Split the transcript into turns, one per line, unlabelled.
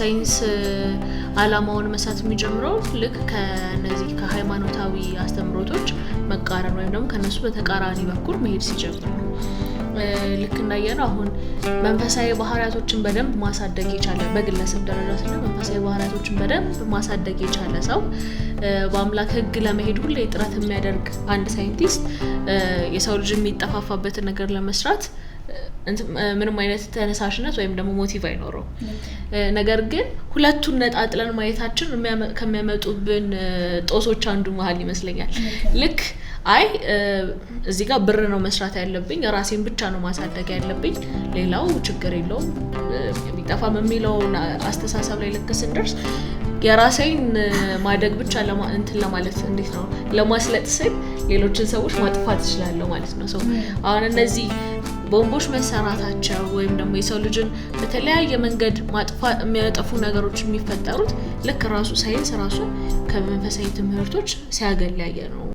ሳይንስ uh, አላማውን መሳት የሚጀምረው ልክ ከነዚህ ከሃይማኖታዊ አስተምሮቶች መቃረን ወይም ደግሞ ከነሱ በተቃራኒ በኩል መሄድ ሲጀምር ነው። uh, ልክ እንዳየነው አሁን መንፈሳዊ ባህሪያቶችን በደንብ ማሳደግ የቻለ በግለሰብ ደረጃ ስለ መንፈሳዊ ባህሪያቶችን በደንብ ማሳደግ የቻለ ሰው uh, በአምላክ ሕግ ለመሄድ ሁ ጥረት የሚያደርግ አንድ ሳይንቲስት የሰው ልጅ የሚጠፋፋበትን ነገር ለመስራት ምንም አይነት ተነሳሽነት ወይም ደግሞ ሞቲቭ አይኖረው። ነገር ግን ሁለቱን ነጣጥለን ማየታችን ከሚያመጡብን ጦሶች አንዱ መሀል ይመስለኛል። ልክ አይ እዚህ ጋር ብር ነው መስራት ያለብኝ፣ ራሴን ብቻ ነው ማሳደግ ያለብኝ፣ ሌላው ችግር የለውም የሚጠፋም የሚለውን አስተሳሰብ ላይ ልክ ስንደርስ የራሴን ማደግ ብቻ እንትን ለማለት እንዴት ነው ለማስለጥ ስል ሌሎችን ሰዎች ማጥፋት እችላለሁ ማለት ነው። አሁን እነዚህ ቦምቦች መሰራታቸው ወይም ደግሞ የሰው ልጅን በተለያየ መንገድ የሚያጠፉ ነገሮች የሚፈጠሩት ልክ ራሱ ሳይንስ ራሱ ከመንፈሳዊ ትምህርቶች ሲያገል ነው።